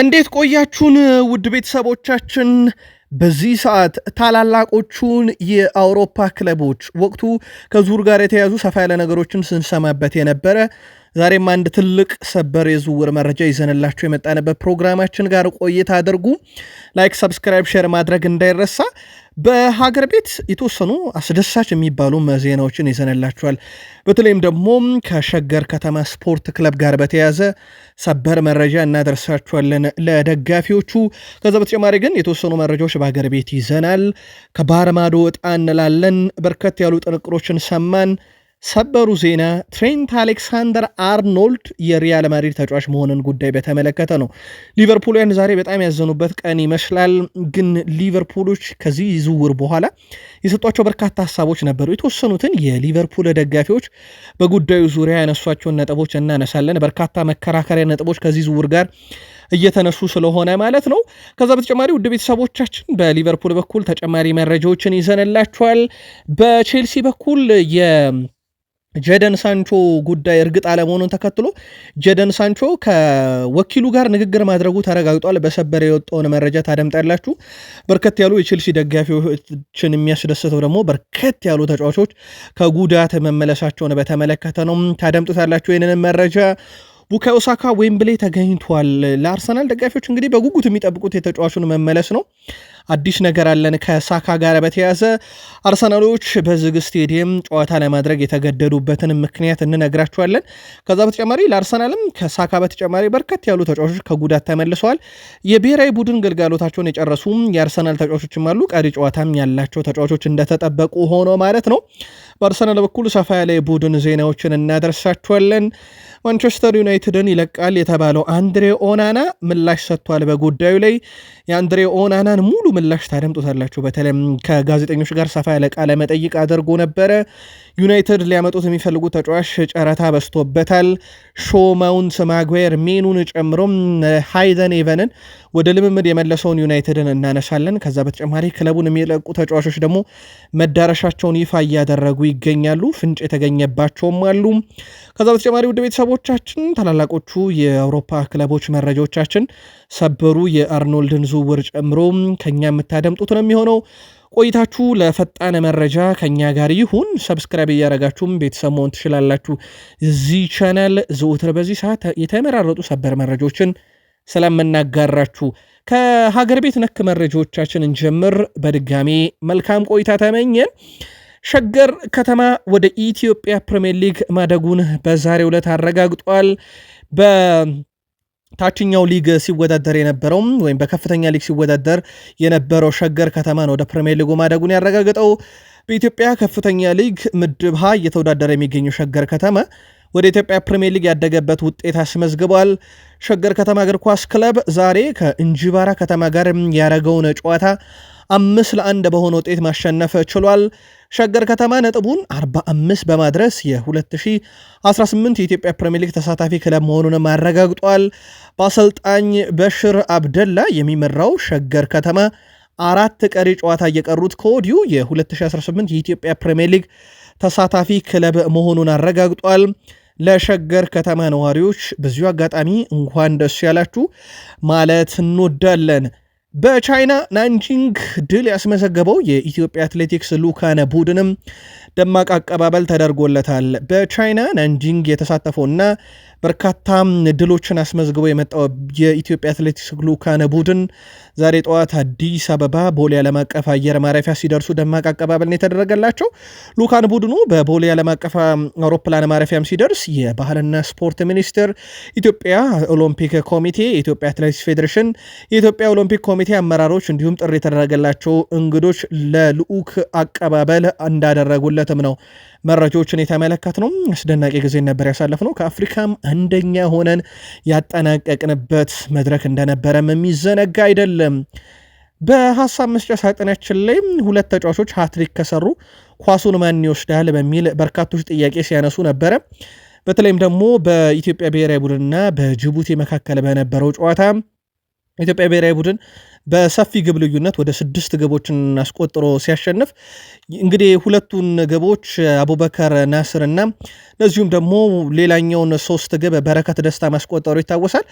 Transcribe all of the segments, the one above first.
እንዴት ቆያችሁን ውድ ቤተሰቦቻችን? በዚህ ሰዓት ታላላቆቹን የአውሮፓ ክለቦች ወቅቱ ከዙር ጋር የተያዙ ሰፋ ያለ ነገሮችን ስንሰማበት የነበረ ዛሬም አንድ ትልቅ ሰበር የዝውውር መረጃ ይዘንላችሁ የመጣንበት ፕሮግራማችን ጋር ቆይታ አድርጉ። ላይክ፣ ሰብስክራይብ፣ ሼር ማድረግ እንዳይረሳ። በሀገር ቤት የተወሰኑ አስደሳች የሚባሉ ዜናዎችን ይዘንላቸዋል በተለይም ደግሞ ከሸገር ከተማ ስፖርት ክለብ ጋር በተያያዘ ሰበር መረጃ እናደርሳቸዋለን ለደጋፊዎቹ። ከዛ በተጨማሪ ግን የተወሰኑ መረጃዎች በሀገር ቤት ይዘናል። ከባህር ማዶ ወጣ እንላለን። በርከት ያሉ ጥንቅሮችን ሰማን። ሰበሩ ዜና ትሬንት አሌክሳንደር አርኖልድ የሪያል ማድሪድ ተጫዋች መሆንን ጉዳይ በተመለከተ ነው። ሊቨርፑልያን ዛሬ በጣም ያዘኑበት ቀን ይመስላል። ግን ሊቨርፑሎች ከዚህ ዝውውር በኋላ የሰጧቸው በርካታ ሀሳቦች ነበሩ። የተወሰኑትን የሊቨርፑል ደጋፊዎች በጉዳዩ ዙሪያ ያነሷቸውን ነጥቦች እናነሳለን። በርካታ መከራከሪያ ነጥቦች ከዚህ ዝውውር ጋር እየተነሱ ስለሆነ ማለት ነው። ከዛ በተጨማሪ ውድ ቤተሰቦቻችን በሊቨርፑል በኩል ተጨማሪ መረጃዎችን ይዘንላችኋል። በቼልሲ በኩል የ ጀደን ሳንቾ ጉዳይ እርግጥ አለመሆኑን ተከትሎ ጀደን ሳንቾ ከወኪሉ ጋር ንግግር ማድረጉ ተረጋግጧል። በሰበር የወጣውን መረጃ ታደምጣላችሁ። በርከት ያሉ የቼልሲ ደጋፊዎችን የሚያስደስተው ደግሞ በርከት ያሉ ተጫዋቾች ከጉዳት መመለሳቸውን በተመለከተ ነው። ታደምጡታላችሁ ይህንን መረጃ። ቡካዮ ሳካ ዌምብሌ ተገኝቷል። ለአርሰናል ደጋፊዎች እንግዲህ በጉጉት የሚጠብቁት የተጫዋቹን መመለስ ነው። አዲስ ነገር አለን ከሳካ ጋር በተያያዘ አርሰናሎች በዝግ ስቴዲየም ጨዋታ ለማድረግ የተገደዱበትን ምክንያት እንነግራችኋለን። ከዛ በተጨማሪ ለአርሰናልም ከሳካ በተጨማሪ በርከት ያሉ ተጫዋቾች ከጉዳት ተመልሰዋል። የብሔራዊ ቡድን ግልጋሎታቸውን የጨረሱም የአርሰናል ተጫዋቾችም አሉ። ቀሪ ጨዋታም ያላቸው ተጫዋቾች እንደተጠበቁ ሆኖ ማለት ነው። በአርሰናል በኩል ሰፋ ያለ የቡድን ዜናዎችን እናደርሳችኋለን። ማንቸስተር ዩናይትድን ይለቃል የተባለው አንድሬ ኦናና ምላሽ ሰጥቷል። በጉዳዩ ላይ የአንድሬ ኦናናን ሙሉ ምላሽ ታደምጡታላችሁ። በተለይም ከጋዜጠኞች ጋር ሰፋ ያለ ቃለ መጠይቅ አድርጎ ነበረ። ዩናይትድ ሊያመጡት የሚፈልጉት ተጫዋች ጨረታ በስቶበታል ሾ ማውንት፣ ሜኑን ጨምሮም ሃይዘን ኤቨንን ወደ ልምምድ የመለሰውን ዩናይትድን እናነሳለን። ከዛ በተጨማሪ ክለቡን የሚለቁ ተጫዋቾች ደግሞ መዳረሻቸውን ይፋ እያደረጉ ይገኛሉ። ፍንጭ የተገኘባቸውም አሉ። ከዛ በተጨማሪ ውድ ቤተሰቦቻችን ታላላቆቹ የአውሮፓ ክለቦች መረጃዎቻችን ሰበሩ የአርኖልድን ዝውውር ጨምሮ ከኛ የምታደምጡት ነው የሚሆነው። ቆይታችሁ ለፈጣን መረጃ ከኛ ጋር ይሁን። ሰብስክራይብ እያደረጋችሁም ቤተሰብ መሆን ትችላላችሁ። እዚህ ቻናል ዘወትር በዚህ ሰዓት የተመራረጡ ሰበር መረጃዎችን ስለምናጋራችሁ ከሀገር ቤት ነክ መረጃዎቻችን እንጀምር። በድጋሜ መልካም ቆይታ ተመኘን። ሸገር ከተማ ወደ ኢትዮጵያ ፕሪምየር ሊግ ማደጉን በዛሬው ዕለት አረጋግጧል። በታችኛው ሊግ ሲወዳደር የነበረው ወይም በከፍተኛ ሊግ ሲወዳደር የነበረው ሸገር ከተማን ወደ ፕሪምየር ሊጉ ማደጉን ያረጋግጠው በኢትዮጵያ ከፍተኛ ሊግ ምድብ ሀ እየተወዳደረ የሚገኘው ሸገር ከተማ ወደ ኢትዮጵያ ፕሪምየር ሊግ ያደገበት ውጤት አስመዝግቧል። ሸገር ከተማ እግር ኳስ ክለብ ዛሬ ከእንጂባራ ከተማ ጋር ያደረገውን ጨዋታ አምስት ለአንድ በሆነ ውጤት ማሸነፍ ችሏል። ሸገር ከተማ ነጥቡን 45 በማድረስ የ2018 የኢትዮጵያ ፕሪምየር ሊግ ተሳታፊ ክለብ መሆኑንም አረጋግጧል። በአሰልጣኝ በሽር አብደላ የሚመራው ሸገር ከተማ አራት ቀሪ ጨዋታ እየቀሩት ከወዲሁ የ2018 የኢትዮጵያ ፕሪምየር ሊግ ተሳታፊ ክለብ መሆኑን አረጋግጧል። ለሸገር ከተማ ነዋሪዎች በዚሁ አጋጣሚ እንኳን ደስ ያላችሁ ማለት እንወዳለን። በቻይና ናንጂንግ ድል ያስመዘገበው የኢትዮጵያ አትሌቲክስ ሉካነ ቡድንም ደማቅ አቀባበል ተደርጎለታል። በቻይና ናንጂንግ የተሳተፈውና በርካታ ድሎችን አስመዝግቦ የመጣው የኢትዮጵያ አትሌቲክስ ልዑካን ቡድን ዛሬ ጠዋት አዲስ አበባ ቦሌ ዓለም አቀፍ አየር ማረፊያ ሲደርሱ ደማቅ አቀባበል ነው የተደረገላቸው። ልዑካን ቡድኑ በቦሌ ዓለም አቀፍ አውሮፕላን ማረፊያም ሲደርስ የባህልና ስፖርት ሚኒስቴር፣ ኢትዮጵያ ኦሎምፒክ ኮሚቴ፣ የኢትዮጵያ አትሌቲክስ ፌዴሬሽን፣ የኢትዮጵያ ኦሎምፒክ ኮሚቴ አመራሮች እንዲሁም ጥሪ የተደረገላቸው እንግዶች ለልዑክ አቀባበል እንዳደረጉለትም ነው መረጃዎችን የተመለከት ነው። አስደናቂ ጊዜ ነበር ያሳለፍ ነው። ከአፍሪካም አንደኛ ሆነን ያጠናቀቅንበት መድረክ እንደነበረም የሚዘነጋ አይደለም። በሀሳብ መስጫ ሳጥናችን ላይ ሁለት ተጫዋቾች ሀትሪክ ከሰሩ ኳሱን ማን ይወስዳል በሚል በርካቶች ጥያቄ ሲያነሱ ነበረ። በተለይም ደግሞ በኢትዮጵያ ብሔራዊ ቡድንና በጅቡቲ መካከል በነበረው ጨዋታ ኢትዮጵያ ብሔራዊ ቡድን በሰፊ ግብ ልዩነት ወደ ስድስት ግቦችን አስቆጥሮ ሲያሸንፍ እንግዲህ ሁለቱን ግቦች አቡበከር ናስር እና እንደዚሁም ደግሞ ሌላኛውን ሶስት ግብ በረከት ደስታ ማስቆጠሩ ይታወሳል።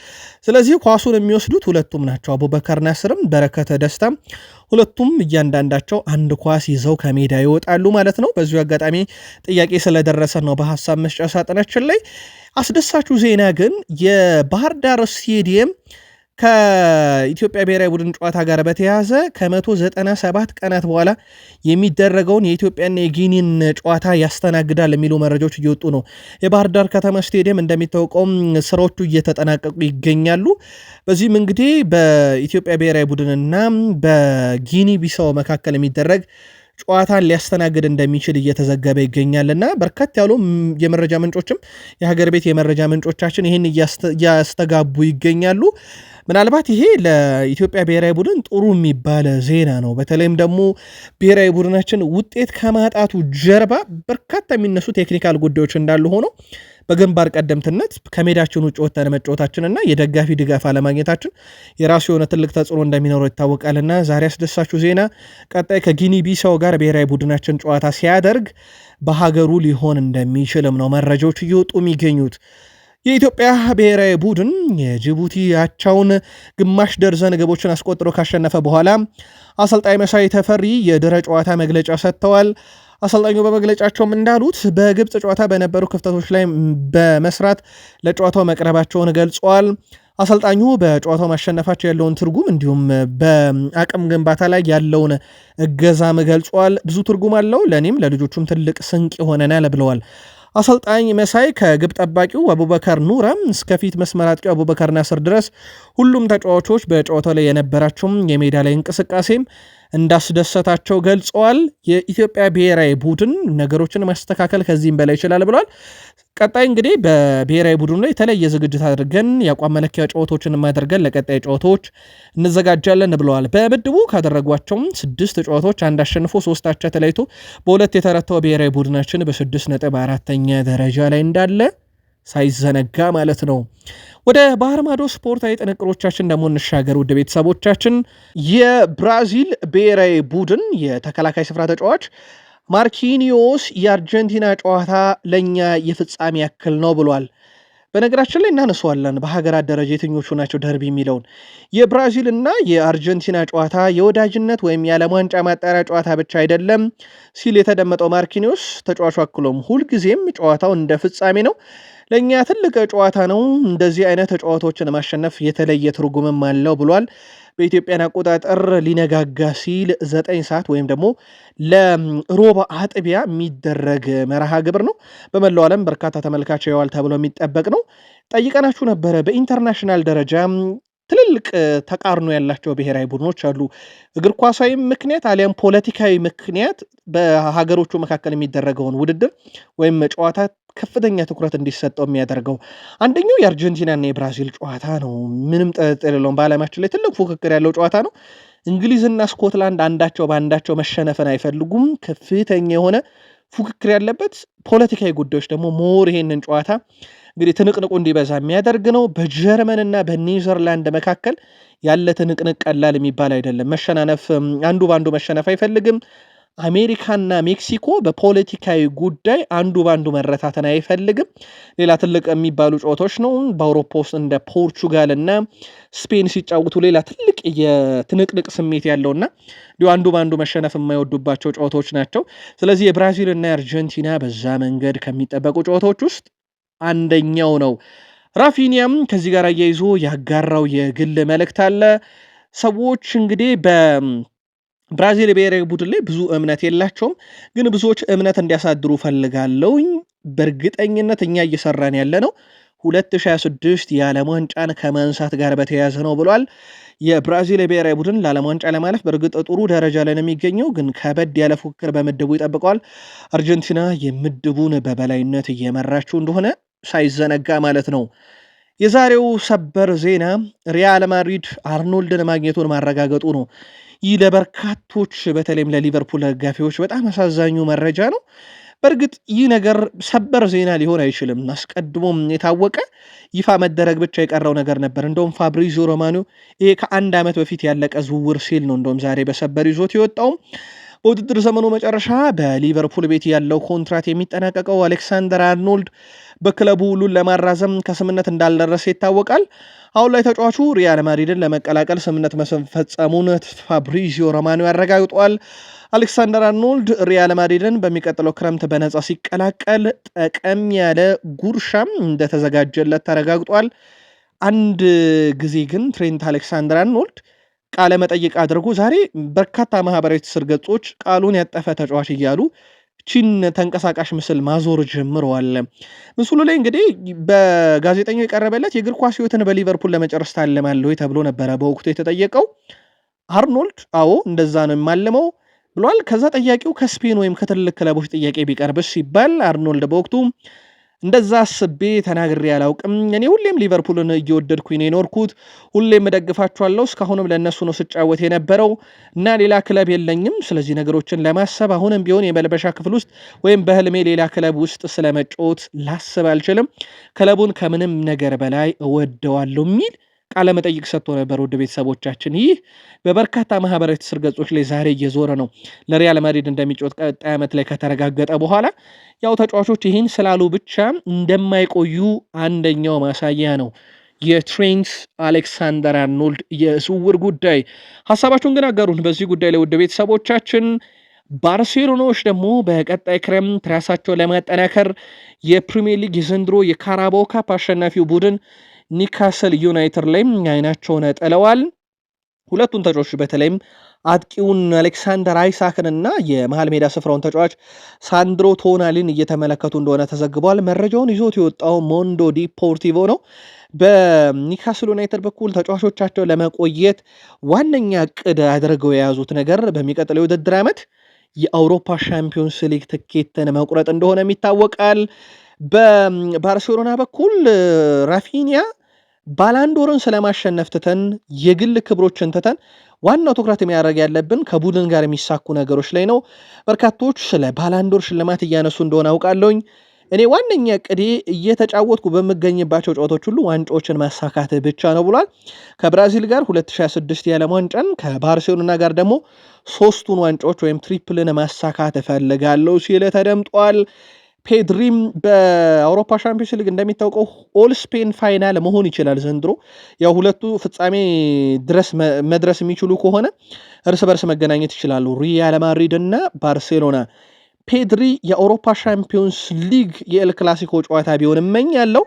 ስለዚህ ኳሱን የሚወስዱት ሁለቱም ናቸው። አቡበከር ናስርም በረከት ደስታም ሁለቱም እያንዳንዳቸው አንድ ኳስ ይዘው ከሜዳ ይወጣሉ ማለት ነው። በዚሁ አጋጣሚ ጥያቄ ስለደረሰ ነው በሀሳብ መስጫ ሳጥናችን ላይ አስደሳቹ ዜና ግን የባህር ዳር ስቴዲየም ከኢትዮጵያ ብሔራዊ ቡድን ጨዋታ ጋር በተያያዘ ከ197 ቀናት በኋላ የሚደረገውን የኢትዮጵያና የጊኒን ጨዋታ ያስተናግዳል የሚሉ መረጃዎች እየወጡ ነው። የባህር ዳር ከተማ ስቴዲየም እንደሚታወቀውም ስራዎቹ እየተጠናቀቁ ይገኛሉ። በዚህም እንግዲህ በኢትዮጵያ ብሔራዊ ቡድንና በጊኒ ቢሳው መካከል የሚደረግ ጨዋታን ሊያስተናግድ እንደሚችል እየተዘገበ ይገኛልና በርከት ያሉ የመረጃ ምንጮችም የሀገር ቤት የመረጃ ምንጮቻችን ይህን እያስተጋቡ ይገኛሉ። ምናልባት ይሄ ለኢትዮጵያ ብሔራዊ ቡድን ጥሩ የሚባል ዜና ነው። በተለይም ደግሞ ብሔራዊ ቡድናችን ውጤት ከማጣቱ ጀርባ በርካታ የሚነሱ ቴክኒካል ጉዳዮች እንዳሉ ሆኖ በግንባር ቀደምትነት ከሜዳችን ውጭ ወጥተን መጫወታችንና የደጋፊ ድጋፍ አለማግኘታችን የራሱ የሆነ ትልቅ ተጽዕኖ እንደሚኖረው ይታወቃልና ዛሬ አስደሳችሁ ዜና ቀጣይ ከጊኒ ቢሳው ጋር ብሔራዊ ቡድናችን ጨዋታ ሲያደርግ በሀገሩ ሊሆን እንደሚችልም ነው መረጃዎች እየወጡ የሚገኙት። የኢትዮጵያ ብሔራዊ ቡድን የጅቡቲ አቻውን ግማሽ ደርዘን ግቦችን አስቆጥሮ ካሸነፈ በኋላ አሰልጣኝ መሳይ ተፈሪ የድረ ጨዋታ መግለጫ ሰጥተዋል። አሰልጣኙ በመግለጫቸውም እንዳሉት በግብፅ ጨዋታ በነበሩ ክፍተቶች ላይ በመስራት ለጨዋታው መቅረባቸውን ገልጸዋል። አሰልጣኙ በጨዋታው ማሸነፋቸው ያለውን ትርጉም እንዲሁም በአቅም ግንባታ ላይ ያለውን እገዛም ገልጿል። ብዙ ትርጉም አለው፣ ለእኔም ለልጆቹም ትልቅ ስንቅ ይሆነናል ብለዋል። አሰልጣኝ መሳይ ከግብ ጠባቂው አቡበከር ኑረም እስከፊት መስመር አጥቂው አቡበከር ናስር ድረስ ሁሉም ተጫዋቾች በጨዋታው ላይ የነበራቸውም የሜዳ ላይ እንቅስቃሴም እንዳስደሰታቸው ገልጸዋል። የኢትዮጵያ ብሔራዊ ቡድን ነገሮችን ማስተካከል ከዚህም በላይ ይችላል ብሏል። ቀጣይ እንግዲህ በብሔራዊ ቡድኑ ላይ የተለየ ዝግጅት አድርገን የአቋም መለኪያ ጨዋታዎችን አድርገን ለቀጣይ ጨዋታዎች እንዘጋጃለን ብለዋል። በምድቡ ካደረጓቸውም ስድስት ጨዋታዎች አንድ አሸንፎ ሶስት አቻ በሁለት የተረታው ብሔራዊ ቡድናችን በስድስት ነጥብ አራተኛ ደረጃ ላይ እንዳለ ሳይዘነጋ ማለት ነው። ወደ ባህር ማዶ ስፖርታዊ ጥንቅሮቻችን ደግሞ እንሻገር። ውድ ቤተሰቦቻችን የብራዚል ብሔራዊ ቡድን የተከላካይ ስፍራ ተጫዋች ማርኪኒዮስ የአርጀንቲና ጨዋታ ለእኛ የፍጻሜ ያክል ነው ብሏል። በነገራችን ላይ እናነሷለን በሀገራት ደረጃ የትኞቹ ናቸው ደርቢ የሚለውን የብራዚልና የአርጀንቲና ጨዋታ የወዳጅነት ወይም የዓለም ዋንጫ ማጣሪያ ጨዋታ ብቻ አይደለም ሲል የተደመጠው ማርኪኒዮስ ተጫዋቹ አክሎም ሁልጊዜም ጨዋታው እንደ ፍጻሜ ነው ለእኛ ትልቅ ጨዋታ ነው። እንደዚህ አይነት ጨዋታዎችን ማሸነፍ የተለየ ትርጉምም አለው ብሏል። በኢትዮጵያን አቆጣጠር ሊነጋጋ ሲል ዘጠኝ ሰዓት ወይም ደግሞ ለሮባ አጥቢያ የሚደረግ መርሃ ግብር ነው። በመላው ዓለም በርካታ ተመልካች ይዋል ተብሎ የሚጠበቅ ነው። ጠይቀናችሁ ነበረ። በኢንተርናሽናል ደረጃ ትልልቅ ተቃርኖ ያላቸው ብሔራዊ ቡድኖች አሉ። እግር ኳሳዊ ምክንያት አሊያም ፖለቲካዊ ምክንያት በሀገሮቹ መካከል የሚደረገውን ውድድር ወይም ጨዋታ ከፍተኛ ትኩረት እንዲሰጠው የሚያደርገው አንደኛው የአርጀንቲናና የብራዚል ጨዋታ ነው። ምንም ጥርጥር የለውም። በዓለማችን ላይ ትልቅ ፉክክር ያለው ጨዋታ ነው። እንግሊዝና ስኮትላንድ አንዳቸው በአንዳቸው መሸነፍን አይፈልጉም። ከፍተኛ የሆነ ፉክክር ያለበት ፖለቲካዊ ጉዳዮች ደግሞ ሞር ይሄንን ጨዋታ እንግዲህ ትንቅንቁ እንዲበዛ የሚያደርግ ነው። በጀርመንና በኔዘርላንድ መካከል ያለ ትንቅንቅ ቀላል የሚባል አይደለም። መሸናነፍ አንዱ በአንዱ መሸነፍ አይፈልግም። አሜሪካና ሜክሲኮ በፖለቲካዊ ጉዳይ አንዱ በአንዱ መረታተን አይፈልግም። ሌላ ትልቅ የሚባሉ ጨዋታዎች ነው። በአውሮፓ ውስጥ እንደ ፖርቹጋል እና ስፔን ሲጫወቱ ሌላ ትልቅ የትንቅንቅ ስሜት ያለውና እንዲሁ አንዱ በአንዱ መሸነፍ የማይወዱባቸው ጨዋታዎች ናቸው። ስለዚህ የብራዚል እና የአርጀንቲና በዛ መንገድ ከሚጠበቁ ጨዋታዎች ውስጥ አንደኛው ነው። ራፊኒያም ከዚህ ጋር አያይዞ ያጋራው የግል መልእክት አለ። ሰዎች እንግዲህ በ ብራዚል የብሔራዊ ቡድን ላይ ብዙ እምነት የላቸውም፣ ግን ብዙዎች እምነት እንዲያሳድሩ ፈልጋለውኝ። በእርግጠኝነት እኛ እየሰራን ያለ ነው 2026 የዓለም ዋንጫን ከማንሳት ጋር በተያያዘ ነው ብሏል። የብራዚል የብሔራዊ ቡድን ለዓለም ዋንጫ ለማለፍ በእርግጥ ጥሩ ደረጃ ላይ ነው የሚገኘው፣ ግን ከበድ ያለ ፉክክር በምድቡ ይጠብቀዋል። አርጀንቲና የምድቡን በበላይነት እየመራችው እንደሆነ ሳይዘነጋ ማለት ነው። የዛሬው ሰበር ዜና ሪያል ማድሪድ አርኖልድን ማግኘቱን ማረጋገጡ ነው። ይህ ለበርካቶች በተለይም ለሊቨርፑል ደጋፊዎች በጣም አሳዛኙ መረጃ ነው። በእርግጥ ይህ ነገር ሰበር ዜና ሊሆን አይችልም። አስቀድሞም የታወቀ ይፋ መደረግ ብቻ የቀረው ነገር ነበር። እንደውም ፋብሪዞ ሮማኖ ይሄ ከአንድ ዓመት በፊት ያለቀ ዝውውር ሲል ነው እንደውም ዛሬ በሰበር ይዞት የወጣውም በውድድር ዘመኑ መጨረሻ በሊቨርፑል ቤት ያለው ኮንትራት የሚጠናቀቀው አሌክሳንደር አርኖልድ በክለቡ ውሉን ለማራዘም ከስምነት እንዳልደረሰ ይታወቃል። አሁን ላይ ተጫዋቹ ሪያል ማድሪድን ለመቀላቀል ስምምነት መፈጸሙን ፋብሪዚዮ ሮማኖ ያረጋግጧል። አሌክሳንደር አርኖልድ ሪያል ማድሪድን በሚቀጥለው ክረምት በነጻ ሲቀላቀል ጠቀም ያለ ጉርሻም እንደተዘጋጀለት ተረጋግጧል። አንድ ጊዜ ግን ትሬንት አሌክሳንደር አርኖልድ ቃለ መጠይቅ አድርጎ ዛሬ በርካታ ማህበራዊ ትስስር ገጾች ቃሉን ያጠፈ ተጫዋች እያሉ እቺን ተንቀሳቃሽ ምስል ማዞር ጀምረዋል። ምስሉ ላይ እንግዲህ በጋዜጠኛው የቀረበለት የእግር ኳስ ህይወትን በሊቨርፑል ለመጨረስ ታለማለሁ ተብሎ ነበረ በወቅቱ የተጠየቀው። አርኖልድ አዎ እንደዛ ነው የማለመው ብሏል። ከዛ ጠያቂው ከስፔን ወይም ከትልልቅ ክለቦች ጥያቄ ቢቀርብስ ሲባል አርኖልድ በወቅቱ እንደዛ አስቤ ተናግሬ አላውቅም። እኔ ሁሌም ሊቨርፑልን እየወደድኩኝ ነው የኖርኩት። ሁሌም እደግፋችኋለሁ። እስካሁንም ለእነሱ ነው ስጫወት የነበረው እና ሌላ ክለብ የለኝም። ስለዚህ ነገሮችን ለማሰብ አሁንም ቢሆን የመልበሻ ክፍል ውስጥ ወይም በህልሜ ሌላ ክለብ ውስጥ ስለመጫወት ላስብ አልችልም። ክለቡን ከምንም ነገር በላይ እወደዋለሁ የሚል ቃለመጠይቅ ሰጥቶ ነበር። ውድ ቤተሰቦቻችን ይህ በበርካታ ማህበራዊ ትስስር ገጾች ላይ ዛሬ እየዞረ ነው። ለሪያል ማድሪድ እንደሚጫወት ቀጣይ ዓመት ላይ ከተረጋገጠ በኋላ ያው ተጫዋቾች ይህን ስላሉ ብቻ እንደማይቆዩ አንደኛው ማሳያ ነው። የትሬንት አሌክሳንደር አርኖልድ የዝውውር ጉዳይ ሀሳባቸውን ግን አጋሩን በዚህ ጉዳይ ላይ ውድ ቤተሰቦቻችን ባርሴሎናዎች ደግሞ በቀጣይ ክረምት ራሳቸው ለማጠናከር የፕሪሚየር ሊግ የዘንድሮ የካራባኦ ካፕ አሸናፊው ቡድን ኒካስል ዩናይትድ ላይም አይናቸውን ጥለዋል። ሁለቱን ተጫዋች በተለይም አጥቂውን አሌክሳንደር አይሳክን እና የመሃል ሜዳ ስፍራውን ተጫዋች ሳንድሮ ቶናሊን እየተመለከቱ እንደሆነ ተዘግቧል። መረጃውን ይዞት የወጣው ሞንዶ ዲፖርቲቮ ነው። በኒካስል ዩናይትድ በኩል ተጫዋቾቻቸው ለመቆየት ዋነኛ እቅድ አድርገው የያዙት ነገር በሚቀጥለው የውድድር ዓመት የአውሮፓ ሻምፒዮንስ ሊግ ትኬትን መቁረጥ እንደሆነ ይታወቃል። በባርሴሎና በኩል ራፊኒያ ባላንዶርን ስለማሸነፍ ትተን የግል ክብሮችን ትተን ዋናው ትኩረት የሚያደርግ ያለብን ከቡድን ጋር የሚሳኩ ነገሮች ላይ ነው። በርካቶች ስለ ባላንዶር ሽልማት እያነሱ እንደሆነ አውቃለሁኝ። እኔ ዋነኛ ቅዴ እየተጫወትኩ በምገኝባቸው ጨዋታዎች ሁሉ ዋንጫዎችን ማሳካት ብቻ ነው ብሏል። ከብራዚል ጋር 2026 የዓለም ዋንጫን ከባርሴሎና ጋር ደግሞ ሶስቱን ዋንጫዎች ወይም ትሪፕልን ማሳካት እፈልጋለሁ ሲል ተደምጧል። ፔድሪም በአውሮፓ ሻምፒዮንስ ሊግ እንደሚታወቀው ኦል ስፔን ፋይናል መሆን ይችላል ዘንድሮ። ያው ሁለቱ ፍጻሜ ድረስ መድረስ የሚችሉ ከሆነ እርስ በርስ መገናኘት ይችላሉ ሪያል ማድሪድ እና ባርሴሎና። ፔድሪ የአውሮፓ ሻምፒዮንስ ሊግ የኤል ክላሲኮ ጨዋታ ቢሆን እመኝ ያለው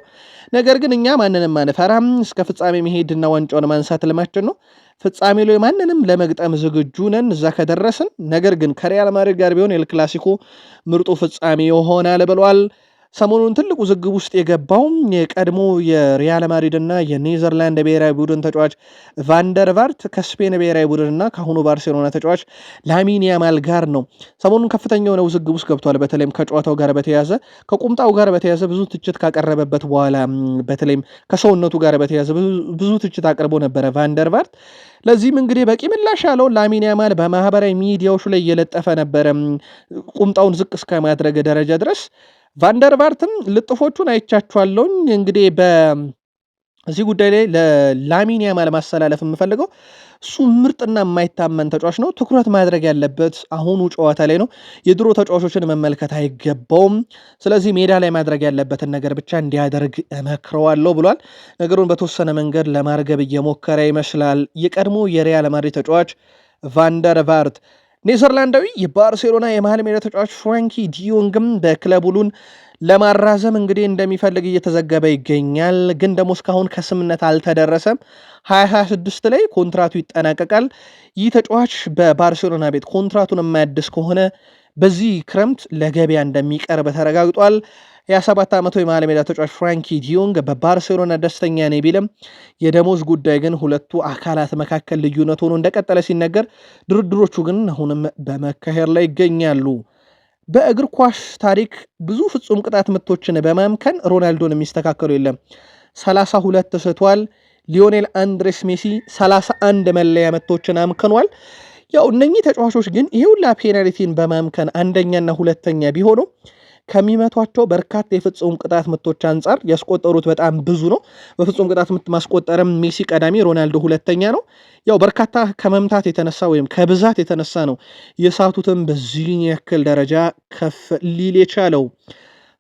ነገር ግን እኛ ማንንም አንፈራም። እስከ ፍጻሜ መሄድና ዋንጫውን ማንሳት ልማችን ነው። ፍጻሜ ላይ ማንንም ለመግጠም ዝግጁ ነን እዛ ከደረስን። ነገር ግን ከሪያል ማድሪድ ጋር ቢሆን ኤል ክላሲኮ ምርጡ ፍጻሜ ይሆናል ብሏል ሰሞኑን ትልቅ ውዝግብ ውስጥ የገባው የቀድሞ የሪያል ማድሪድና የኔዘርላንድ ብሔራዊ ቡድን ተጫዋች ቫንደርቫርት ከስፔን ብሔራዊ ቡድንና ከአሁኑ ባርሴሎና ተጫዋች ላሚን ያማል ጋር ነው። ሰሞኑን ከፍተኛ የሆነ ውዝግብ ውስጥ ገብቷል። በተለይም ከጨዋታው ጋር በተያዘ ከቁምጣው ጋር በተያዘ ብዙ ትችት ካቀረበበት በኋላ በተለይም ከሰውነቱ ጋር በተያዘ ብዙ ትችት አቅርቦ ነበረ ቫንደርቫርት። ለዚህም እንግዲህ በቂ ምላሽ ያለው ላሚን ያማል በማህበራዊ ሚዲያዎቹ ላይ እየለጠፈ ነበረ ቁምጣውን ዝቅ እስከ ደረጃ ድረስ ቫንደርቫርትም ልጥፎቹን አይቻችኋለሁኝ እንግዲህ በዚህ ጉዳይ ላይ ለላሚን ያማል ማሰላለፍ የምፈልገው እሱ ምርጥና የማይታመን ተጫዋች ነው። ትኩረት ማድረግ ያለበት አሁኑ ጨዋታ ላይ ነው። የድሮ ተጫዋቾችን መመልከት አይገባውም። ስለዚህ ሜዳ ላይ ማድረግ ያለበትን ነገር ብቻ እንዲያደርግ እመክረዋለሁ ብሏል። ነገሩን በተወሰነ መንገድ ለማርገብ እየሞከረ ይመስላል የቀድሞ የሪያል ማድሪድ ተጫዋች ቫንደርቫርት። ኔዘርላንዳዊ የባርሴሎና የመሃል ሜዳ ተጫዋች ፍራንኪ ዲዮንግም በክለቡ ውሉን ለማራዘም እንግዲህ እንደሚፈልግ እየተዘገበ ይገኛል። ግን ደግሞ እስካሁን ከስምነት አልተደረሰም። 2026 ላይ ኮንትራቱ ይጠናቀቃል። ይህ ተጫዋች በባርሴሎና ቤት ኮንትራቱን የማያድስ ከሆነ በዚህ ክረምት ለገበያ እንደሚቀርብ ተረጋግጧል። የ27 ዓመቱ የመሃል ሜዳ ተጫዋች ፍራንኪ ዲዮንግ በባርሴሎና ደስተኛ ነኝ ቢልም የደሞዝ ጉዳይ ግን ሁለቱ አካላት መካከል ልዩነት ሆኖ እንደቀጠለ ሲነገር፣ ድርድሮቹ ግን አሁንም በመካሄድ ላይ ይገኛሉ። በእግር ኳስ ታሪክ ብዙ ፍጹም ቅጣት ምቶችን በማምከን ሮናልዶን የሚስተካከሉ የለም። 32 ስቷል። ሊዮኔል አንድሬስ ሜሲ 31 መለያ ምቶችን አምክኗል ያው እነኚህ ተጫዋቾች ግን ይህ ሁላ ፔናልቲን በማምከን አንደኛና ሁለተኛ ቢሆኑ ከሚመቷቸው በርካታ የፍጹም ቅጣት ምቶች አንጻር ያስቆጠሩት በጣም ብዙ ነው። በፍጹም ቅጣት ምት ማስቆጠርም ሜሲ ቀዳሚ፣ ሮናልዶ ሁለተኛ ነው። ያው በርካታ ከመምታት የተነሳ ወይም ከብዛት የተነሳ ነው የሳቱትም በዚህን ያክል ደረጃ ከፍ ሊል የቻለው።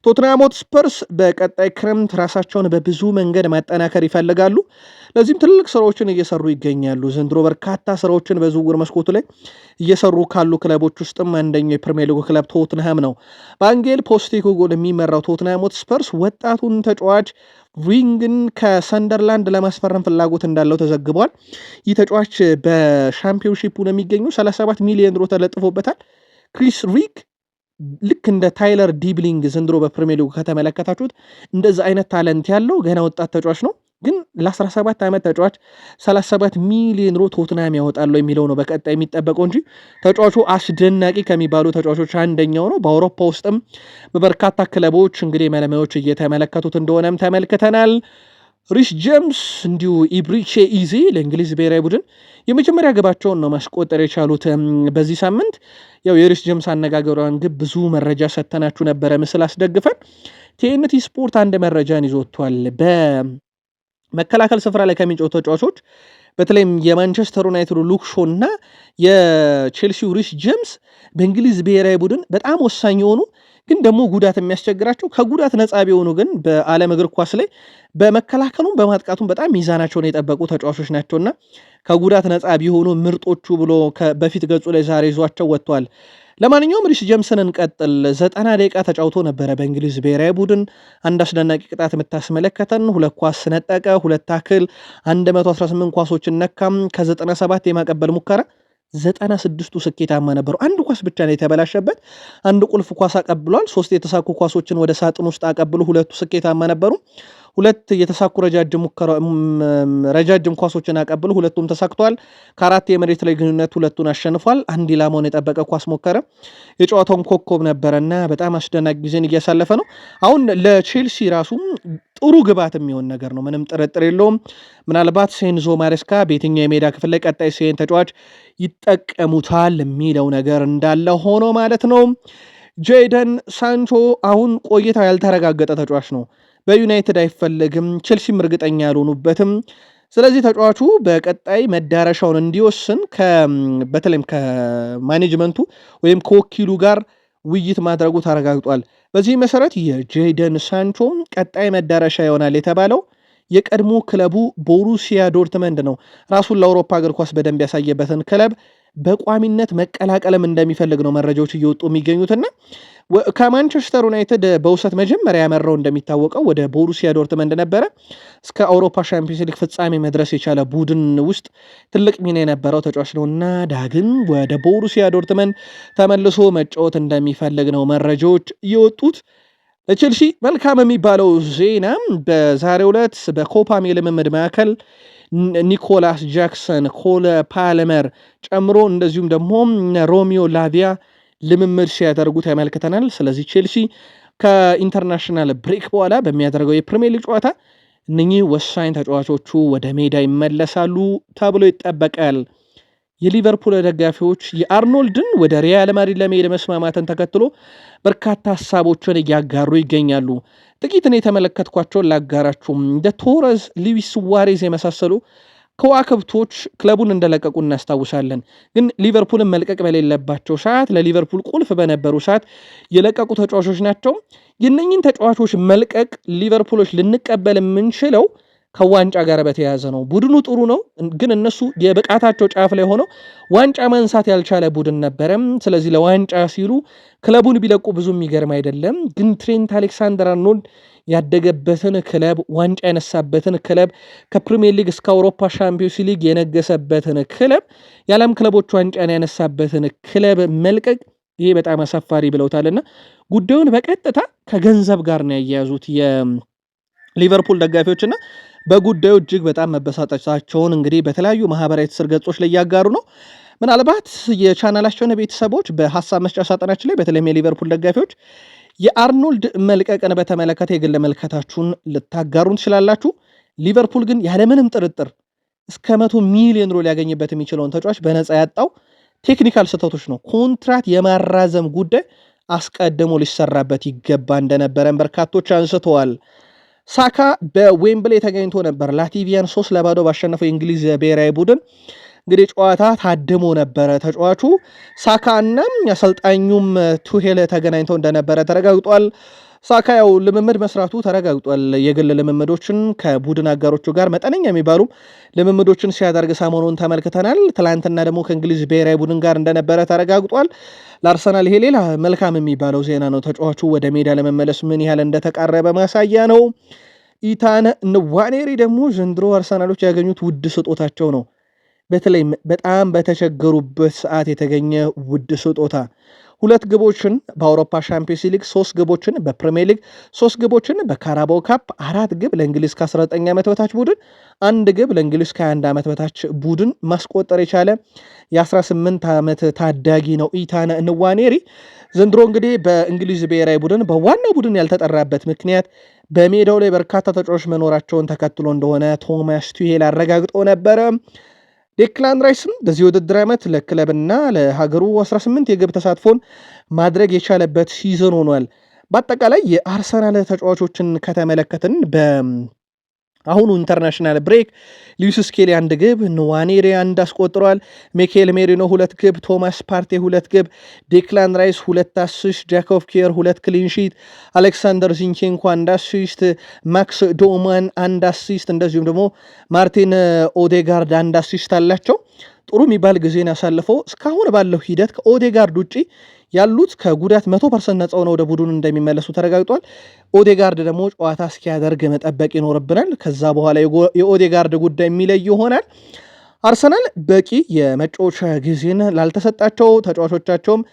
ቶትናም ሆትስፐርስ በቀጣይ ክረምት ራሳቸውን በብዙ መንገድ ማጠናከር ይፈልጋሉ። ለዚህም ትልልቅ ስራዎችን እየሰሩ ይገኛሉ። ዘንድሮ በርካታ ስራዎችን በዝውውር መስኮቱ ላይ እየሰሩ ካሉ ክለቦች ውስጥም አንደኛው የፕሪሚየር ሊግ ክለብ ቶትንሃም ነው። በአንጌል ፖስቴኮግሉ የሚመራው ቶትናም ሆትስፐርስ ወጣቱን ተጫዋች ዊንግን ከሰንደርላንድ ለማስፈረም ፍላጎት እንዳለው ተዘግቧል። ይህ ተጫዋች በሻምፒዮንሺፑ ነው የሚገኘው። 37 ሚሊዮን ድሮ ተለጥፎበታል። ክሪስ ሪክ ልክ እንደ ታይለር ዲብሊንግ ዘንድሮ በፕሪሚየር ሊጉ ከተመለከታችሁት እንደዚ አይነት ታለንት ያለው ገና ወጣት ተጫዋች ነው። ግን ለ17 ዓመት ተጫዋች 37 ሚሊዮን ሮ ቶትናም ያወጣለው የሚለው ነው በቀጣይ የሚጠበቀው እንጂ ተጫዋቹ አስደናቂ ከሚባሉ ተጫዋቾች አንደኛው ነው። በአውሮፓ ውስጥም በበርካታ ክለቦች እንግዲህ መለመዎች እየተመለከቱት እንደሆነም ተመልክተናል። ሪሽ ጄምስ እንዲሁ ኢብሪቼ ኢዚ ለእንግሊዝ ብሔራዊ ቡድን የመጀመሪያ ግባቸውን ነው ማስቆጠር የቻሉት በዚህ ሳምንት። ያው የሪሽ ጄምስ አነጋገሯን ግብ ብዙ መረጃ ሰተናችሁ ነበረ ምስል አስደግፈን። ቲኤንቲ ስፖርት አንድ መረጃን ይዞቷል በመከላከል ስፍራ ላይ ከሚጫወቱ ተጫዋቾች በተለይም የማንቸስተር ዩናይትድ ሉክ ሾ እና የቼልሲው ሪሽ ጄምስ በእንግሊዝ ብሔራዊ ቡድን በጣም ወሳኝ የሆኑ ግን ደግሞ ጉዳት የሚያስቸግራቸው ከጉዳት ነጻ ቢሆኑ ግን በዓለም እግር ኳስ ላይ በመከላከሉም በማጥቃቱም በጣም ሚዛናቸውን የጠበቁ ተጫዋቾች ናቸውና ከጉዳት ነጻ ቢሆኑ ምርጦቹ ብሎ በፊት ገጹ ላይ ዛሬ ይዟቸው ወጥቷል። ለማንኛውም ሪስ ጀምሰን እንቀጥል። ዘጠና ደቂቃ ተጫውቶ ነበረ በእንግሊዝ ብሔራዊ ቡድን አንድ አስደናቂ ቅጣት የምታስመለከተን ሁለት ኳስ ነጠቀ፣ ሁለት ታክል፣ 118 ኳሶችን ነካም፣ ከ97 የማቀበል ሙከራ ዘጠና ስድስቱ ስኬታማ ነበሩ። አንድ ኳስ ብቻ ነው የተበላሸበት። አንድ ቁልፍ ኳስ አቀብሏል። ሶስት የተሳኩ ኳሶችን ወደ ሳጥን ውስጥ አቀብሎ ሁለቱ ስኬታማ ነበሩ። ሁለት የተሳኩ ረጃጅም ኳሶችን አቀብሎ ሁለቱም ተሳክቷል። ከአራት የመሬት ላይ ግንኙነት ሁለቱን አሸንፏል። አንድ ኢላማውን የጠበቀ ኳስ ሞከረ። የጨዋታውን ኮከብ ነበረና በጣም አስደናቂ ጊዜን እያሳለፈ ነው። አሁን ለቼልሲ ራሱ ጥሩ ግባት የሚሆን ነገር ነው፣ ምንም ጥርጥር የለውም። ምናልባት ሴንዞ ማሬስካ በየትኛው የሜዳ ክፍል ላይ ቀጣይ ሲሄን ተጫዋች ይጠቀሙታል የሚለው ነገር እንዳለ ሆኖ ማለት ነው። ጄደን ሳንቾ አሁን ቆይታ ያልተረጋገጠ ተጫዋች ነው። በዩናይትድ አይፈለግም፣ ቼልሲም እርግጠኛ ያልሆኑበትም። ስለዚህ ተጫዋቹ በቀጣይ መዳረሻውን እንዲወስን በተለይም ከማኔጅመንቱ ወይም ከወኪሉ ጋር ውይይት ማድረጉ ተረጋግጧል። በዚህ መሰረት የጄደን ሳንቾ ቀጣይ መዳረሻ ይሆናል የተባለው የቀድሞ ክለቡ ቦሩሲያ ዶርትመንድ ነው። ራሱን ለአውሮፓ እግር ኳስ በደንብ ያሳየበትን ክለብ በቋሚነት መቀላቀልም እንደሚፈልግ ነው መረጃዎች እየወጡ የሚገኙትና ከማንቸስተር ዩናይትድ በውሰት መጀመሪያ ያመራው እንደሚታወቀው ወደ ቦሩሲያ ዶርትመንድ ነበረ። እስከ አውሮፓ ሻምፒዮንስ ሊግ ፍጻሜ መድረስ የቻለ ቡድን ውስጥ ትልቅ ሚና የነበረው ተጫዋች እና ዳግም ወደ ቦሩሲያ ዶርትመንድ ተመልሶ መጫወት እንደሚፈልግ ነው መረጃዎች እየወጡት ለቼልሲ መልካም የሚባለው ዜና በዛሬው ዕለት በኮፓም የልምምድ ማዕከል ኒኮላስ ጃክሰን፣ ኮለ ፓልመር ጨምሮ እንደዚሁም ደግሞ ሮሚዮ ላቪያ ልምምድ ሲያደርጉ ተመልክተናል። ስለዚህ ቼልሲ ከኢንተርናሽናል ብሬክ በኋላ በሚያደርገው የፕሪሚየር ሊግ ጨዋታ እነኚህ ወሳኝ ተጫዋቾቹ ወደ ሜዳ ይመለሳሉ ተብሎ ይጠበቃል። የሊቨርፑል ደጋፊዎች የአርኖልድን ወደ ሪያል ማድሪድ ለመሄድ መስማማትን ተከትሎ በርካታ ሀሳቦችን እያጋሩ ይገኛሉ። ጥቂትን የተመለከትኳቸውን ላጋራችሁም እንደ ቶረዝ፣ ሊዊስ ሱዋሬዝ የመሳሰሉ ከዋክብቶች ክለቡን እንደለቀቁ እናስታውሳለን። ግን ሊቨርፑልን መልቀቅ በሌለባቸው ሰዓት፣ ለሊቨርፑል ቁልፍ በነበሩ ሰዓት የለቀቁ ተጫዋቾች ናቸው። የነኝን ተጫዋቾች መልቀቅ ሊቨርፑሎች ልንቀበል የምንችለው ከዋንጫ ጋር በተያያዘ ነው። ቡድኑ ጥሩ ነው፣ ግን እነሱ የብቃታቸው ጫፍ ላይ ሆነው ዋንጫ ማንሳት ያልቻለ ቡድን ነበረም። ስለዚህ ለዋንጫ ሲሉ ክለቡን ቢለቁ ብዙ የሚገርም አይደለም። ግን ትሬንት አሌክሳንደር አርኖልድ ያደገበትን ክለብ ዋንጫ ያነሳበትን ክለብ ከፕሪሚየር ሊግ እስከ አውሮፓ ሻምፒዮንስ ሊግ የነገሰበትን ክለብ የዓለም ክለቦች ዋንጫን ያነሳበትን ክለብ መልቀቅ ይሄ በጣም አሳፋሪ ብለውታልና ጉዳዩን በቀጥታ ከገንዘብ ጋር ነው ያያያዙት የሊቨርፑል ደጋፊዎችና በጉዳዩ እጅግ በጣም መበሳጠቻቸውን እንግዲህ በተለያዩ ማህበራዊ ትስስር ገጾች ላይ እያጋሩ ነው። ምናልባት የቻናላቸውን ቤተሰቦች በሀሳብ መስጫ ሳጥናችን ላይ በተለይም የሊቨርፑል ደጋፊዎች የአርኖልድ መልቀቅን በተመለከተ የግል መልከታችሁን ልታጋሩን ትችላላችሁ። ሊቨርፑል ግን ያለምንም ጥርጥር እስከ መቶ ሚሊዮን ዩሮ ሊያገኝበት የሚችለውን ተጫዋች በነፃ ያጣው ቴክኒካል ስህተቶች ነው። ኮንትራት የማራዘም ጉዳይ አስቀድሞ ሊሰራበት ይገባ እንደነበረን በርካቶች አንስተዋል። ሳካ በዌምብሌ ተገኝቶ ነበር። ላቲቪያን ሶስት ለባዶ ባሸነፈው የእንግሊዝ ብሔራዊ ቡድን እንግዲህ ጨዋታ ታድሞ ነበረ። ተጫዋቹ ሳካ እናም አሰልጣኙም ቱሄል ተገናኝተው እንደነበረ ተረጋግጧል። ሳካ ያው ልምምድ መስራቱ ተረጋግጧል። የግል ልምምዶችን ከቡድን አጋሮቹ ጋር መጠነኛ የሚባሉ ልምምዶችን ሲያደርግ ሰሞኑን ተመልክተናል። ትላንትና ደግሞ ከእንግሊዝ ብሔራዊ ቡድን ጋር እንደነበረ ተረጋግጧል። ለአርሰናል ይሄ ሌላ መልካም የሚባለው ዜና ነው። ተጫዋቹ ወደ ሜዳ ለመመለስ ምን ያህል እንደተቃረበ ማሳያ ነው። ኢታነ ንዋኔሪ ደግሞ ዘንድሮ አርሰናሎች ያገኙት ውድ ስጦታቸው ነው። በተለይ በጣም በተቸገሩበት ሰዓት የተገኘ ውድ ስጦታ ሁለት ግቦችን በአውሮፓ ሻምፒዮንስ ሊግ፣ ሶስት ግቦችን በፕሪሚየር ሊግ፣ ሶስት ግቦችን በካራባው ካፕ፣ አራት ግብ ለእንግሊዝ ከ19 ዓመት በታች ቡድን፣ አንድ ግብ ለእንግሊዝ ከ21 ዓመት በታች ቡድን ማስቆጠር የቻለ የ18 ዓመት ታዳጊ ነው ኢታነ ንዋኔሪ። ዘንድሮ እንግዲህ በእንግሊዝ ብሔራዊ ቡድን በዋናው ቡድን ያልተጠራበት ምክንያት በሜዳው ላይ በርካታ ተጫዋቾች መኖራቸውን ተከትሎ እንደሆነ ቶማስ ቱሄል አረጋግጦ ነበረ። ዴክላን ራይስም በዚህ ውድድር ዓመት ለክለብና ለሀገሩ 18 የግብ ተሳትፎን ማድረግ የቻለበት ሲዝን ሆኗል። በአጠቃላይ የአርሰናል ተጫዋቾችን ከተመለከትን በ አሁኑ ኢንተርናሽናል ብሬክ ሊዩስ ስኬሊ አንድ ግብ፣ ንዋኔሪ አንድ አስቆጥሯል። ሚኬል ሜሪኖ ሁለት ግብ፣ ቶማስ ፓርቴ ሁለት ግብ፣ ዴክላን ራይስ ሁለት አሲስት፣ ጃኮቭ ኪየር ሁለት ክሊንሺት፣ አሌክሳንደር ዚንቼንኮ አንድ አስሽት፣ ማክስ ዶማን አንድ አሲስት፣ እንደዚሁም ደግሞ ማርቲን ኦዴጋርድ አንድ አሲስት አላቸው። ጥሩ የሚባል ጊዜን ያሳልፈው እስካሁን ባለው ሂደት ከኦዴጋርድ ውጪ ያሉት ከጉዳት መቶ ፐርሰንት ነፃ ሆነው ወደ ቡድኑ እንደሚመለሱ ተረጋግጧል። ኦዴጋርድ ደግሞ ጨዋታ እስኪያደርግ መጠበቅ ይኖርብናል። ከዛ በኋላ የኦዴጋርድ ጉዳይ የሚለይ ይሆናል። አርሰናል በቂ የመጫወቻ ጊዜን ላልተሰጣቸው ተጫዋቾቻቸውም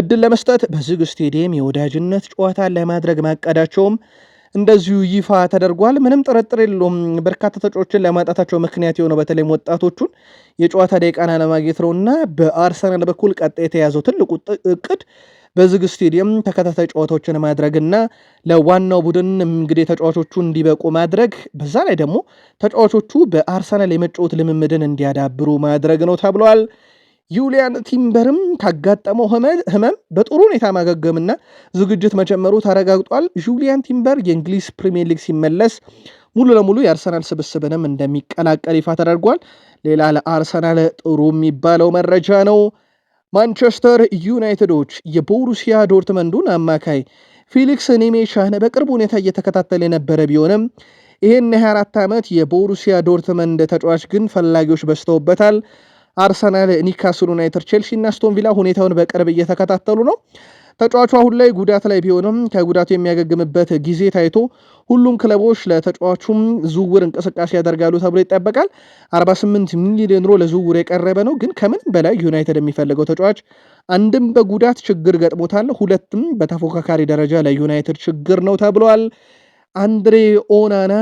እድል ለመስጠት በዝግ ስቴዲየም የወዳጅነት ጨዋታ ለማድረግ ማቀዳቸውም እንደዚሁ ይፋ ተደርጓል። ምንም ጥርጥር የለውም በርካታ ተጫዋቾችን ለማጣታቸው ምክንያት የሆነው በተለይም ወጣቶቹን የጨዋታ ደቂቃን አለማግኘት ነው እና በአርሰናል በኩል ቀጣ የተያዘው ትልቁ እቅድ በዝግ ስቴዲየም ተከታታይ ጨዋታዎችን ማድረግና ለዋናው ቡድን እንግዲህ ተጫዋቾቹ እንዲበቁ ማድረግ፣ በዛ ላይ ደግሞ ተጫዋቾቹ በአርሰናል የመጫወት ልምምድን እንዲያዳብሩ ማድረግ ነው ተብሏል። ዩሊያን ቲምበርም ካጋጠመው ህመም በጥሩ ሁኔታ ማገገምና ዝግጅት መጀመሩ ተረጋግጧል። ጁሊያን ቲምበር የእንግሊዝ ፕሪሚየር ሊግ ሲመለስ ሙሉ ለሙሉ የአርሰናል ስብስብንም እንደሚቀላቀል ይፋ ተደርጓል። ሌላ ለአርሰናል ጥሩ የሚባለው መረጃ ነው። ማንቸስተር ዩናይትዶች የቦሩሲያ ዶርትመንዱን አማካይ ፊሊክስ ኔሜሻን በቅርብ ሁኔታ እየተከታተለ የነበረ ቢሆንም ይህን 24 ዓመት የቦሩሲያ ዶርትመንድ ተጫዋች ግን ፈላጊዎች በዝተውበታል። አርሰናል፣ ኒካስል ዩናይትድ፣ ቼልሲ እና ስቶን ቪላ ሁኔታውን በቅርብ እየተከታተሉ ነው። ተጫዋቹ አሁን ላይ ጉዳት ላይ ቢሆንም ከጉዳቱ የሚያገግምበት ጊዜ ታይቶ ሁሉም ክለቦች ለተጫዋቹም ዝውውር እንቅስቃሴ ያደርጋሉ ተብሎ ይጠበቃል። 48 ሚሊዮን ዩሮ ለዝውውር የቀረበ ነው። ግን ከምንም በላይ ዩናይትድ የሚፈልገው ተጫዋች አንድም በጉዳት ችግር ገጥሞታል፣ ሁለትም በተፎካካሪ ደረጃ ለዩናይትድ ችግር ነው ተብሏል። አንድሬ ኦናና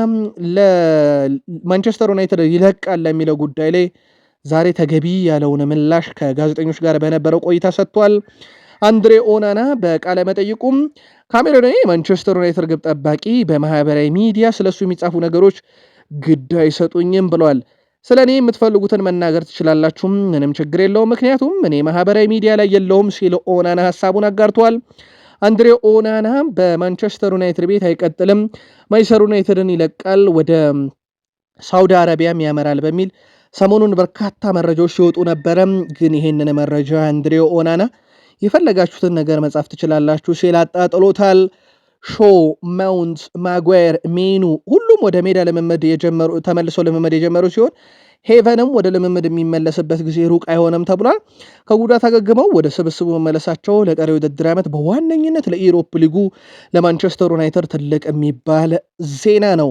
ለማንቸስተር ዩናይትድ ይለቃል ለሚለው ጉዳይ ላይ ዛሬ ተገቢ ያለውን ምላሽ ከጋዜጠኞች ጋር በነበረው ቆይታ ሰጥቷል። አንድሬ ኦናና በቃለ መጠይቁም ካሜሮን የማንቸስተር ዩናይትድ ግብ ጠባቂ በማህበራዊ ሚዲያ ስለሱ የሚጻፉ ነገሮች ግድ አይሰጡኝም ብሏል። ስለ እኔ የምትፈልጉትን መናገር ትችላላችሁም፣ ምንም ችግር የለውም፣ ምክንያቱም እኔ ማህበራዊ ሚዲያ ላይ የለውም ሲል ኦናና ሀሳቡን አጋርቷል። አንድሬ ኦናና በማንቸስተር ዩናይትድ ቤት አይቀጥልም፣ ማንቸስተር ዩናይትድን ይለቃል፣ ወደ ሳውዲ አረቢያም ያመራል በሚል ሰሞኑን በርካታ መረጃዎች ሲወጡ ነበረ። ግን ይህንን መረጃ አንድሬ ኦናና የፈለጋችሁትን ነገር መጻፍ ትችላላችሁ ሲል አጣጥሎታል። ሾ፣ ማውንት፣ ማጓየር፣ ሜኑ ሁሉም ወደ ሜዳ ልምምድ የጀመሩ ተመልሶ ልምምድ የጀመሩ ሲሆን ሄቨንም ወደ ልምምድ የሚመለስበት ጊዜ ሩቅ አይሆንም ተብሏል። ከጉዳት አገግመው ወደ ስብስቡ መመለሳቸው ለቀሪ ውድድር ዓመት በዋነኝነት ለኢሮፕ ሊጉ ለማንቸስተር ዩናይትድ ትልቅ የሚባል ዜና ነው።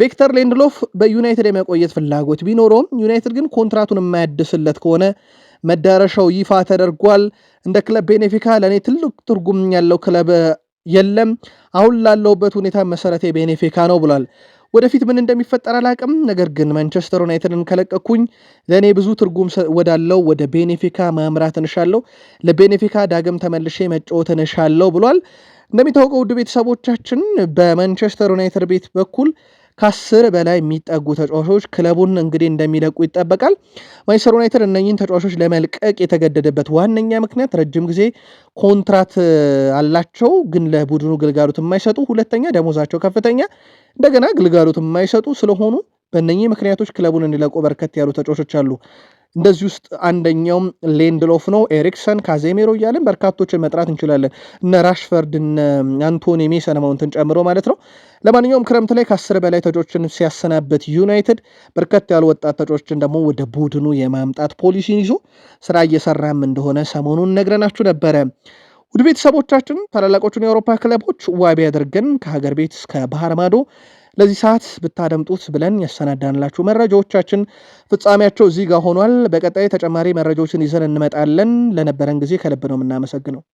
ቪክተር ሌንድሎፍ በዩናይትድ የመቆየት ፍላጎት ቢኖረውም ዩናይትድ ግን ኮንትራቱን የማያድስለት ከሆነ መዳረሻው ይፋ ተደርጓል። እንደ ክለብ ቤኔፊካ ለእኔ ትልቅ ትርጉም ያለው ክለብ የለም፣ አሁን ላለውበት ሁኔታ መሰረቴ ቤኔፊካ ነው ብሏል። ወደፊት ምን እንደሚፈጠር አላቅም፣ ነገር ግን ማንቸስተር ዩናይትድን ከለቀኩኝ ለእኔ ብዙ ትርጉም ወዳለው ወደ ቤኔፊካ ማምራት እንሻለው፣ ለቤኔፊካ ዳግም ተመልሼ መጫወት እንሻለው ብሏል። እንደሚታወቀው ውድ ቤተሰቦቻችን በማንቸስተር ዩናይትድ ቤት በኩል ከአስር በላይ የሚጠጉ ተጫዋቾች ክለቡን እንግዲህ እንደሚለቁ ይጠበቃል። ማንቸስተር ዩናይትድ እነኝን ተጫዋቾች ለመልቀቅ የተገደደበት ዋነኛ ምክንያት ረጅም ጊዜ ኮንትራት አላቸው፣ ግን ለቡድኑ ግልጋሎት የማይሰጡ ሁለተኛ ደሞዛቸው ከፍተኛ እንደገና ግልጋሎት የማይሰጡ ስለሆኑ በእነኚህ ምክንያቶች ክለቡን እንዲለቁ በርከት ያሉ ተጫዋቾች አሉ። እንደዚህ ውስጥ አንደኛውም ሌንድሎፍ ነው። ኤሪክሰን፣ ካዜሜሮ እያለን በርካቶችን መጥራት እንችላለን። እነ ራሽፈርድ፣ እነ አንቶኒ ሜሰን ማውንትን ጨምሮ ማለት ነው። ለማንኛውም ክረምት ላይ ከአስር በላይ ተጫዎችን ሲያሰናበት ዩናይትድ በርከት ያሉ ወጣት ተጫዎችን ደግሞ ወደ ቡድኑ የማምጣት ፖሊሲን ይዞ ስራ እየሰራም እንደሆነ ሰሞኑን ነግረናችሁ ነበረ። ውድ ቤተሰቦቻችን ታላላቆቹን የአውሮፓ ክለቦች ዋቢ አድርገን ከሀገር ቤት እስከ ባህር ማዶ ለዚህ ሰዓት ብታደምጡት ብለን ያሰናዳንላችሁ መረጃዎቻችን ፍጻሜያቸው እዚህ ጋር ሆኗል። በቀጣይ ተጨማሪ መረጃዎችን ይዘን እንመጣለን። ለነበረን ጊዜ ከልብ ነው የምናመሰግነው።